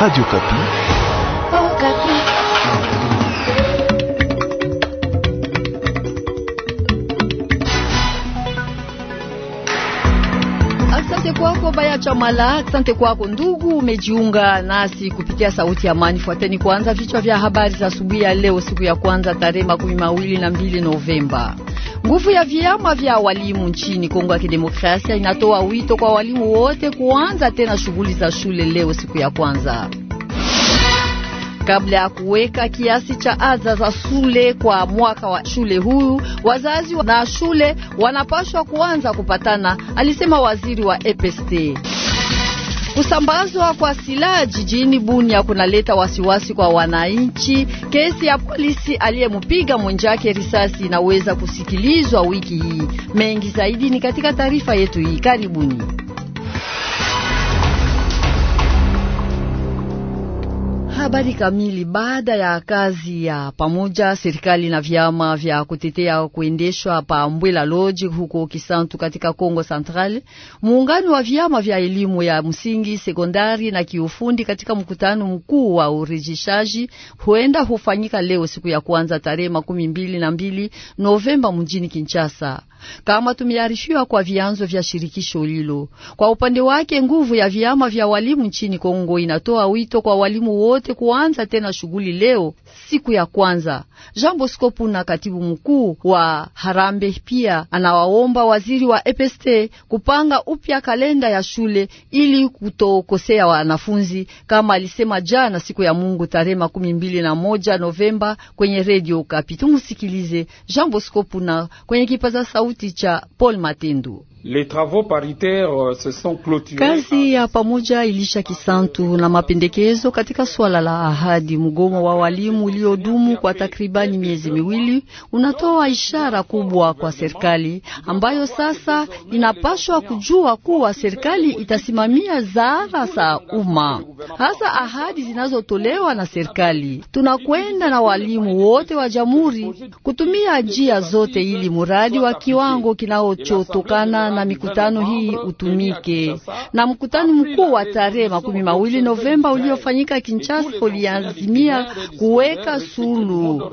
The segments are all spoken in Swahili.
Radio Kapi. Oh, Kapi. Asante kwako Baya Chamala, asante kwako ndugu, umejiunga nasi kupitia sauti ya amani. Fuateni kwanza vichwa vya habari za asubuhi ya leo, siku ya kwanza tarehe makumi mawili na mbili Novemba. Nguvu ya vyama vya walimu nchini Kongo ya Kidemokrasia inatoa wito kwa walimu wote kuanza tena shughuli za shule leo siku ya kwanza kabla ya kuweka kiasi cha adha za shule kwa mwaka wa shule huu, wazazi na shule wanapaswa kuanza kupatana, alisema waziri wa EPST. Kusambazwa kwa silaha jijini Bunia kunaleta wasiwasi kwa wananchi. Kesi ya polisi aliyemupiga mwenzake risasi inaweza kusikilizwa wiki hii. Mengi zaidi ni katika taarifa yetu hii. Karibuni. Habari kamili. Baada ya kazi ya pamoja serikali na vyama vya kutetea kuendeshwa pa Mbwela Lodge huko Kisantu katika Kongo Central, muungano wa vyama vya elimu ya msingi, sekondari na kiufundi katika mkutano mkuu wa urejeshaji huenda hufanyika leo siku ya kwanza tarehe makumi mbili na mbili Novemba mjini Kinshasa kama tumearishiwa kwa vyanzo vya shirikisho hilo. Kwa upande wake, nguvu ya vyama vya walimu nchini Kongo inatoa wito kwa walimu wote kuanza tena shughuli leo, siku ya kwanza. Jean Bosco Puna, katibu mkuu wa Harambe, pia anawaomba waziri wa EPST kupanga upya kalenda ya shule ili kutokosea wanafunzi, kama alisema jana siku ya Mungu tarehe makumi mbili na moja Novemba kwenye redio Kapi. Tumusikilize Jean Bosco Puna kwenye kipaza sauti sauti cha Paul Matindu. Les travaux paritaires euh, se sont clôturés. Kazi ya pamoja ilisha kisantu na mapendekezo katika swala la ahadi. Mgomo wa walimu uliodumu kwa takribani miezi miwili unatoa ishara kubwa kwa serikali ambayo sasa inapaswa kujua kuwa serikali itasimamia zara za umma, hasa ahadi zinazotolewa na serikali. Tunakwenda na walimu wote wa jamhuri kutumia njia zote ili mradi wa kiwango kinaochotokana na mikutano hii utumike. Na mkutano mkuu wa tarehe makumi mawili Novemba uliofanyika Kinshasa uliazimia kuweka sulu,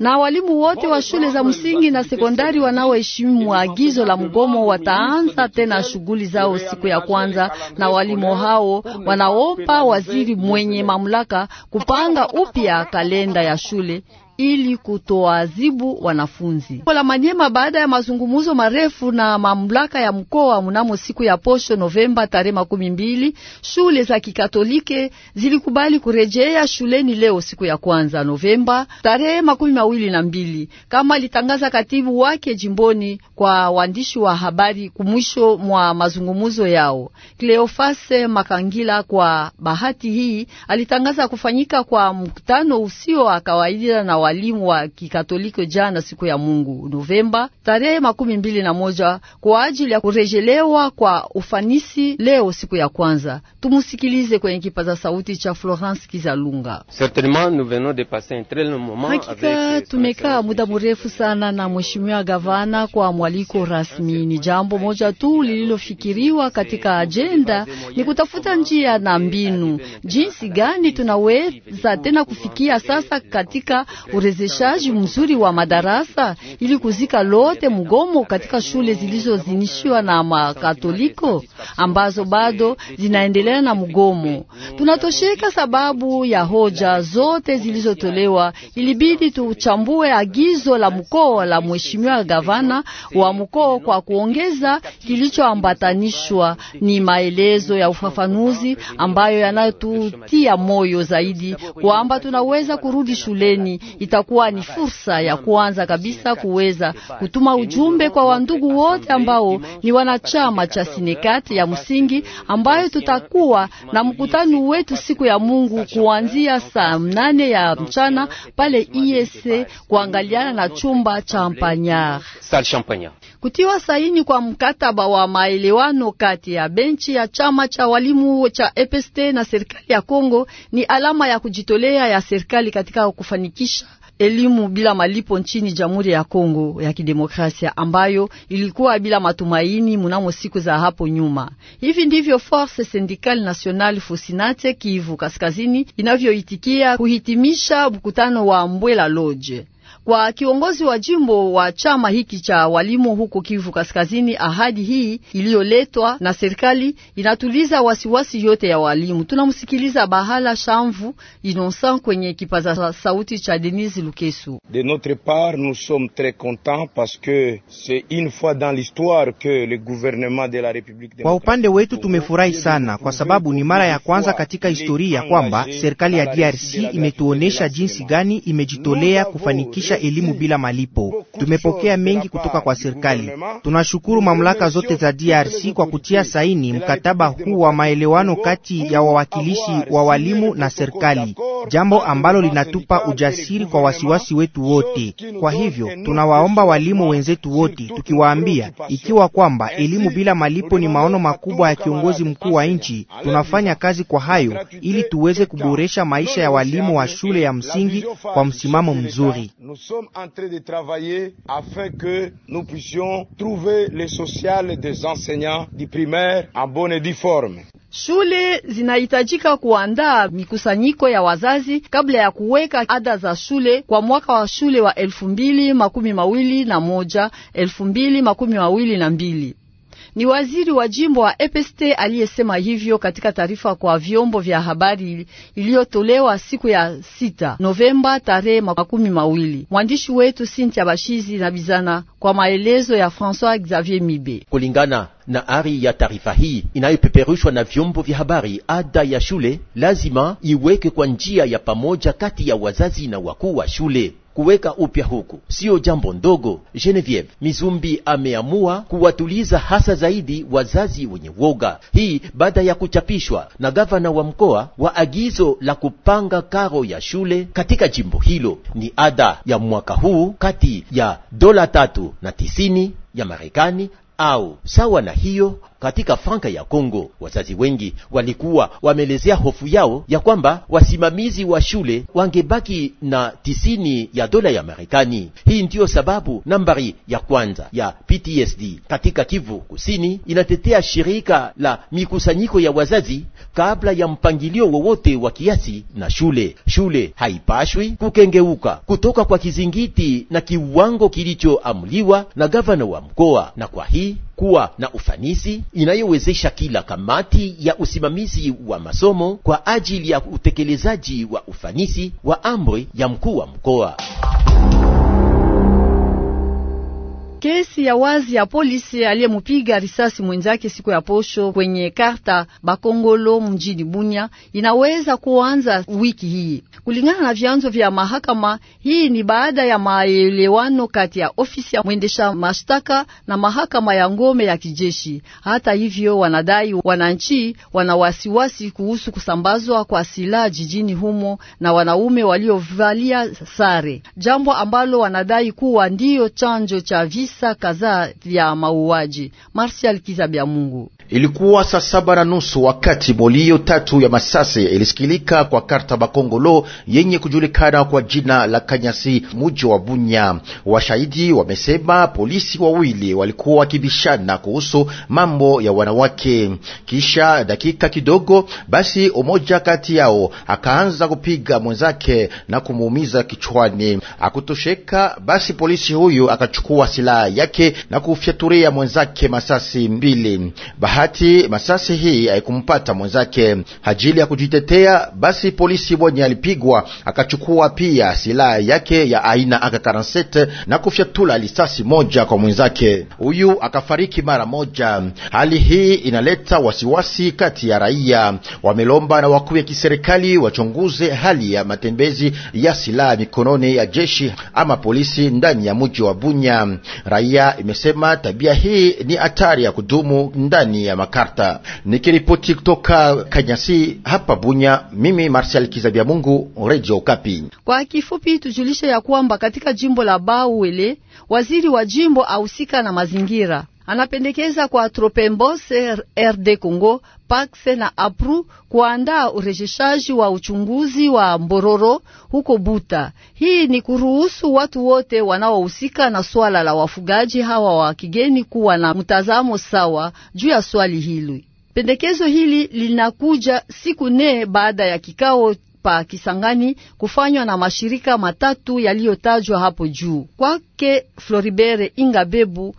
na walimu wote wa shule za msingi na sekondari wanaoheshimu agizo la mgomo wataanza tena shughuli zao siku ya kwanza, na walimu hao wanaopa waziri mwenye mamlaka kupanga upya kalenda ya shule ili kutoazibu wanafunzi Kwa Manyema. Baada ya mazungumzo marefu na mamlaka ya mkoa mnamo siku ya posho Novemba tarehe makumi mbili, shule za Kikatolike zilikubali kurejea shuleni leo siku ya kwanza Novemba tarehe makumi mawili na mbili kama alitangaza katibu wake jimboni kwa waandishi wa habari kumwisho mwa mazungumzo yao. kleofase Makangila kwa bahati hii alitangaza kufanyika kwa mkutano usio wa kawaida na wa walimu wa Kikatoliki jana siku ya Mungu Novemba tarehe makumi mbili na moja kwa ajili ya kurejelewa kwa ufanisi leo siku ya kwanza. Tumusikilize kwenye kipaza sauti cha Florence Kizalunga. Hakika euh, tumekaa muda mrefu sana na mheshimiwa gavana kwa mwaliko rasmi. Ni jambo moja tu lililofikiriwa katika ajenda ni kutafuta njia na mbinu jinsi gani tunaweza tena kufikia sasa katika urezeshaji mzuri wa madarasa ili kuzika lote mgomo katika shule zilizozinishiwa na makatoliko ambazo bado zinaendelea na mgomo. Tunatosheka sababu ya hoja zote zilizotolewa. Ilibidi tuchambue agizo la mkoa la mheshimiwa gavana wa mkoa kwa kuongeza kilichoambatanishwa. Ni maelezo ya ufafanuzi ambayo yanatutia moyo zaidi kwamba tunaweza kurudi shuleni. Itakuwa ni fursa ya kwanza kabisa kuweza kutuma ujumbe kwa wandugu wote ambao ni wanachama cha sinekati ya msingi ambayo tutakuwa na mkutano wetu siku ya Mungu kuanzia saa nane ya mchana pale IEC kuangaliana na chumba cha Mpanyar kutiwa saini kwa mkataba wa maelewano kati ya benchi ya chama cha walimu cha EPST na serikali ya Kongo ni alama ya kujitolea ya serikali katika kufanikisha elimu bila malipo nchini Jamhuri ya Kongo ya Kidemokrasia ambayo ilikuwa bila matumaini mnamo siku za hapo nyuma. Hivi ndivyo Force Syndicale Nationale fusinate Kivu Kaskazini inavyoitikia kuhitimisha mkutano wa Mbwela Lodge. Kwa kiongozi wa jimbo wa chama hiki cha walimu huko Kivu Kaskazini, ahadi hii iliyoletwa na serikali inatuliza wasiwasi yote ya walimu. Tunamsikiliza Bahala Shamvu Innocent kwenye kipaza sauti cha Denise Lukesu. De notre part nous sommes très contents parce que c'est une fois dans l'histoire que le gouvernement de la République. Kwa upande wetu tumefurahi sana kwa sababu ni mara ya kwanza katika historia kwamba serikali ya DRC imetuonesha jinsi gani imejitolea kufanikisha kuendesha elimu hmm. bila malipo. Tumepokea mengi kutoka kwa serikali. Tunashukuru mamlaka zote za DRC kwa kutia saini mkataba huu wa maelewano kati ya wawakilishi wa walimu na serikali jambo ambalo linatupa ujasiri kwa wasiwasi wetu wote. Kwa hivyo tunawaomba walimu wenzetu wote, tukiwaambia ikiwa kwamba elimu bila malipo ni maono makubwa ya kiongozi mkuu wa nchi, tunafanya kazi kwa hayo ili tuweze kuboresha maisha ya walimu wa shule ya msingi kwa msimamo mzuri. Shule zinahitajika kuandaa mikusanyiko ya wazazi kabla ya kuweka ada za shule kwa mwaka wa shule wa elfu mbili makumi mawili na moja elfu mbili makumi mawili na mbili. Ni waziri wa jimbo wa EPST aliyesema hivyo katika taarifa kwa vyombo vya habari iliyotolewa siku ya sita Novemba tarehe makumi mawili. Mwandishi wetu Sintia Bashizi na Bizana kwa maelezo ya François Xavier Mibe. Kulingana na ari ya taarifa hii inayopeperushwa na vyombo vya habari, ada ya shule lazima iweke kwa njia ya pamoja kati ya wazazi na wakuu wa shule kuweka upya huku siyo jambo ndogo. Genevieve Mizumbi ameamua kuwatuliza hasa zaidi wazazi wenye woga, hii baada ya kuchapishwa na gavana wa mkoa wa agizo la kupanga karo ya shule katika jimbo hilo. Ni ada ya mwaka huu kati ya dola tatu na tisini ya Marekani au sawa na hiyo katika franka ya Kongo. Wazazi wengi walikuwa wameelezea hofu yao ya kwamba wasimamizi wa shule wangebaki na tisini ya dola ya Marekani. Hii ndiyo sababu nambari ya kwanza ya PTSD katika Kivu Kusini inatetea shirika la mikusanyiko ya wazazi kabla ya mpangilio wowote wa kiasi na shule. Shule haipashwi kukengeuka kutoka kwa kizingiti na kiwango kilichoamliwa na gavana wa mkoa, na kwa hii kuwa na ufanisi inayowezesha kila kamati ya usimamizi wa masomo kwa ajili ya utekelezaji wa ufanisi wa amri ya mkuu wa mkoa. Kesi ya wazi ya polisi aliyemupiga risasi mwenzake siku ya posho kwenye karta Bakongolo mjini Bunya inaweza kuanza wiki hii, kulingana na vyanzo vya mahakama. Hii ni baada ya maelewano kati ya ofisi ya mwendesha mashtaka na mahakama ya ngome ya kijeshi. Hata hivyo, wanadai wananchi wana wasiwasi kuhusu kusambazwa kwa silaha jijini humo na wanaume waliovalia sare, jambo ambalo wanadai kuwa ndiyo chanjo cha visa visa kadhaa vya mauaji. marsial Kizabya Mungu Ilikuwa saa saba na nusu wakati molio tatu ya masasi ilisikilika kwa karta bakongolo yenye kujulikana kwa jina la Kanyasi, muji wa Bunya. Washahidi wamesema polisi wawili walikuwa wakibishana kuhusu mambo ya wanawake. Kisha dakika kidogo, basi umoja kati yao akaanza kupiga mwenzake na kumuumiza kichwani. Akutosheka, basi polisi huyu akachukua silaha yake na kufyaturia mwenzake masasi mbili bahati masasi hii haikumpata mwenzake ajili ya kujitetea. Basi polisi mwenye alipigwa akachukua pia silaha yake ya aina AK47 na kufyatula lisasi moja kwa mwenzake, huyu akafariki mara moja. Hali hii inaleta wasiwasi kati ya raia, wamelomba na wakuu ya kiserikali wachunguze hali ya matembezi ya silaha mikononi ya jeshi ama polisi ndani ya mji wa Bunya. Raia imesema tabia hii ni hatari ya kudumu ndani ya makarta. Nikiripoti kutoka Kanyasi hapa Bunya, mimi Marshal Kizabia Mungu, Radio Kapi. Kwa kifupi, tujulishe ya kwamba katika jimbo la Bauele waziri wa jimbo ahusika na mazingira Anapendekeza kwa Tropembose, RD Congo, Paxe na APRU kuandaa urejeshaji wa uchunguzi wa mbororo huko Buta. Hii ni kuruhusu watu wote wanaohusika na swala la wafugaji hawa wa kigeni kuwa na mtazamo sawa juu ya swali hili. Pendekezo hili linakuja siku nne baada ya kikao pa Kisangani kufanywa na mashirika matatu yaliyotajwa hapo juu. Kwake Floribere Ingabebu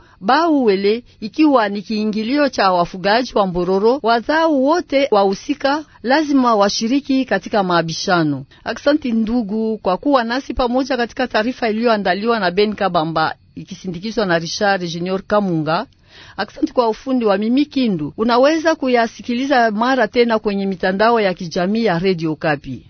wele ikiwa ni kiingilio cha wafugaji wa Mbororo. wadhao wote wahusika lazima washiriki katika maabishano. Aksanti ndugu, kwa kuwa nasi pamoja katika taarifa iliyoandaliwa na Ben Kabamba ikisindikizwa na Richard Junior Kamunga. Aksanti kwa ufundi wa Mimi Kindu. Unaweza kuyasikiliza mara tena kwenye mitandao ya kijamii ya Radio Kapi.